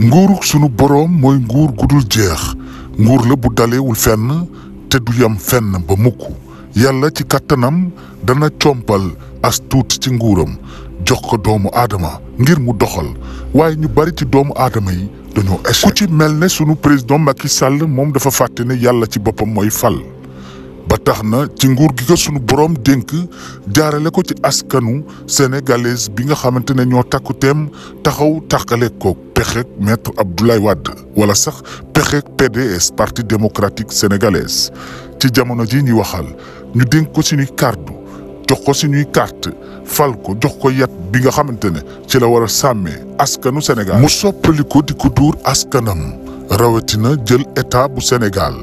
nguuruk sunu boroom mooy nguur gudul jeex nguur la bu dalewul fenn te du yam fenn ba mukk yàlla ci kàttanam dana compal as ci nguuram jox ko doomu aadama ngir mu doxal waaye ñu bari ci doomu aadama yi dañoo échec ku ci mel ne sunu président Macky Sall moom dafa fàtte ne yàlla ci boppam mooy fal ba tax na ci nguur gi ko sunu borom dénk jaarale ko ci askanu sénégalaise bi nga xamante ne ñoo takku taxaw taxale ko pexeeg maître Abdoulaye Wade wala sax pexeeg PDS parti démocratique sénégalaise ci jamono ji ñuy waxal ñu dénk ko suñuy kàddu jox ko suñuy carte fal ko jox ko yat bi nga xamante ne ci la war a sàmmee askanu Sénégal. mu soppali ko di ko tuur askanam rawatina jël état bu Sénégal.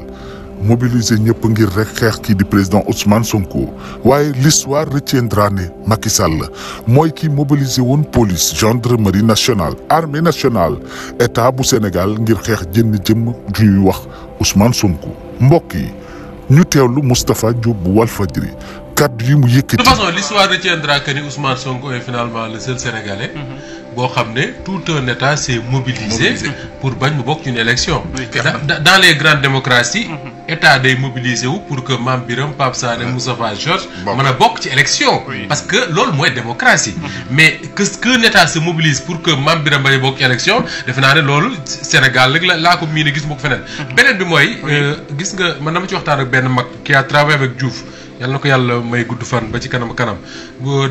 mobiliser ñëpp ngir rek xeex kii di président Ousmane sunku waaye l'histoire retiendra ne Macky Sall mooy ki mobiliser woon police gendarmerie nationale armée nationale état bu Sénégal ngir xeex jënn jëmm juy wax Ousmane Sonko mbokk yi ñu lu Moustapha Diop bu Walfadjri de toute façon l'histoire retiendra que Ousmane Sonko est finalement le seul sénégalais. Mhm. boo xam ne tout un état s'est mobilisé. pour bañ mu bokk une élection. dans, les grandes démocraties. Mhm. état day mobilisé pour que Mame Papa Pape Moussa, Moussa George mën a bokk élection. parce que loolu mooy démocratie. Mhm. mais que qu'un état se mobilise pour que Mame Birame bañ élection defe naa ne Sénégal rek la laa ko miin a gis mu ko feneen. beneen bi mooy. Euh, gis nga man dama ci ak qui a travaillé avec Diouf yalla na ko yàlla may gudd fan ba ci kanam kanam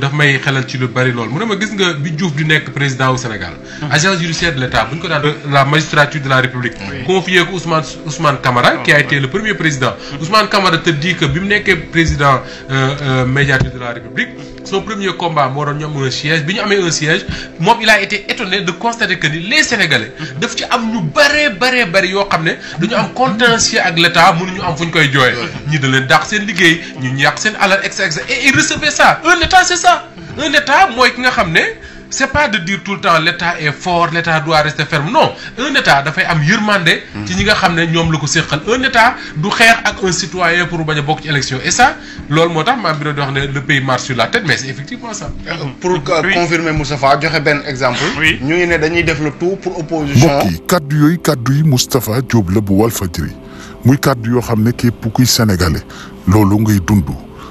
daf may xelal ci lu bari lool mu ne ma gis nga bi Diouf di nekk président au Sénégal. Hmm. agence judiciaire de l'État buñ ko daan euh, la magistrature de la République. confié ko Ousmane Ousmane Camara. qui a été le premier président. Ousmane Camara te dit que bi mu nekkee président euh, euh, médiateur de la République. son premier combat moo doon ñu am un siège bi ñu amee un siège moom il a été étonné de constater que les Sénégalais. Hmm. daf ci am ñu baree baree bari yoo xam ne. dañu am contentieux ak l'État mënuñu am fu ñu koy jooyee. de da leen dàq seen liggéey ñu à seen alal ex et il recevait ça un état c'est ça un état mooy ki nga xamné c'est pas de dire tout le temps l'État est fort l'État doit rester ferme non un État doit am un ci ñi nga ne un État un citoyen pour gagner a bokk élection et ça c'est moo le pays marche sur la tête mais c'est effectivement ça. Euh, pour confirmer Moustapha joxe un exemple. ñu nous avons dañuy le tout pour opposition. kaddu kaddu Moustapha Diop le sénégalais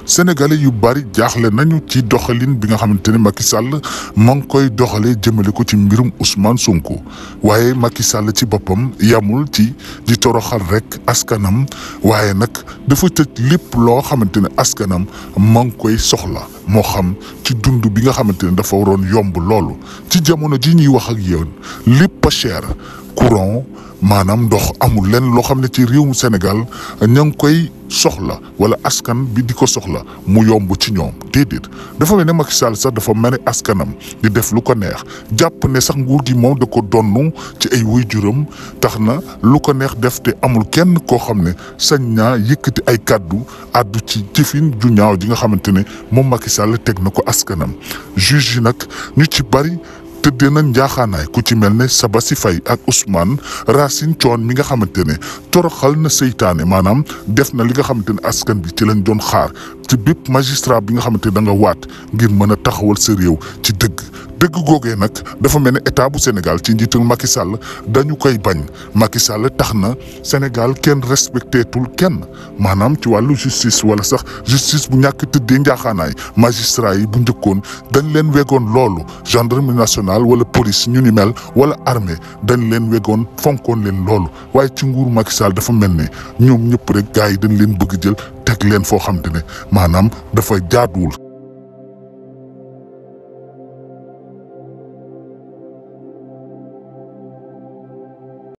sénégalais yu bari jaaxle nañu ci doxalin bi nga xamante ne Macky Sall maa ngi koy doxalee jëmale ko ci mbirum Ousmane Sonko waaye Macky Sall ci boppam yamul ci di toroxal rek askanam waaye nag dafa tëj lépp loo xamante ne askanam maa ngi koy soxla moo xam ci dund bi nga xamante ne dafa waroon yomb loolu ci jamono ji ñuy wax ak yéen lépp a cher courant manam dox amul len lo xam ne ci réewum Sénégal ñang koy soxla wala askan bi di ko soxla mu yomb ci ñom déedéet dafa ne Macky Sall sax dafa mel askanam di def lu ko neex japp ne sax nguur gi moom da ko donnu ci ay waajuram tax na lu ko neex def te amul kenn ko sañ ay addu ci ju ñaaw nga Macky Sall askanam juge nak ci bari tëddee nañ njaaxaanaay ku ci melne ne fay ak Ousmane Racine Thion mi nga xamantene toroxal na seytane manam def na li nga xamantene askan bi ci lañ doon xaar ci bip magistrat bi nga xamantene da nga wat ngir meuna taxawal sa rew ci deug dëgg googee nag dafa mel ne état bu Sénégal ci njiitul Macky Sall dañu koy bañ Macky Sall tax na Sénégal kenn respecteetul kenn maanaam ci wàllu justice wala sax justice bu ñàkk tëddee njaaxaanaay magistrat yi bu njëkkoon dañ leen wegoon loolu gendarmerie national wala police ñu ni mel wala armée dañ leen wegoon fonkoon leen loolu waaye ci nguur Macky Sall dafa mel ne ñoom ñëpp rek gars yi dañ leen bëgg jël teg leen foo xam te ne maanaam dafa jaaduwul.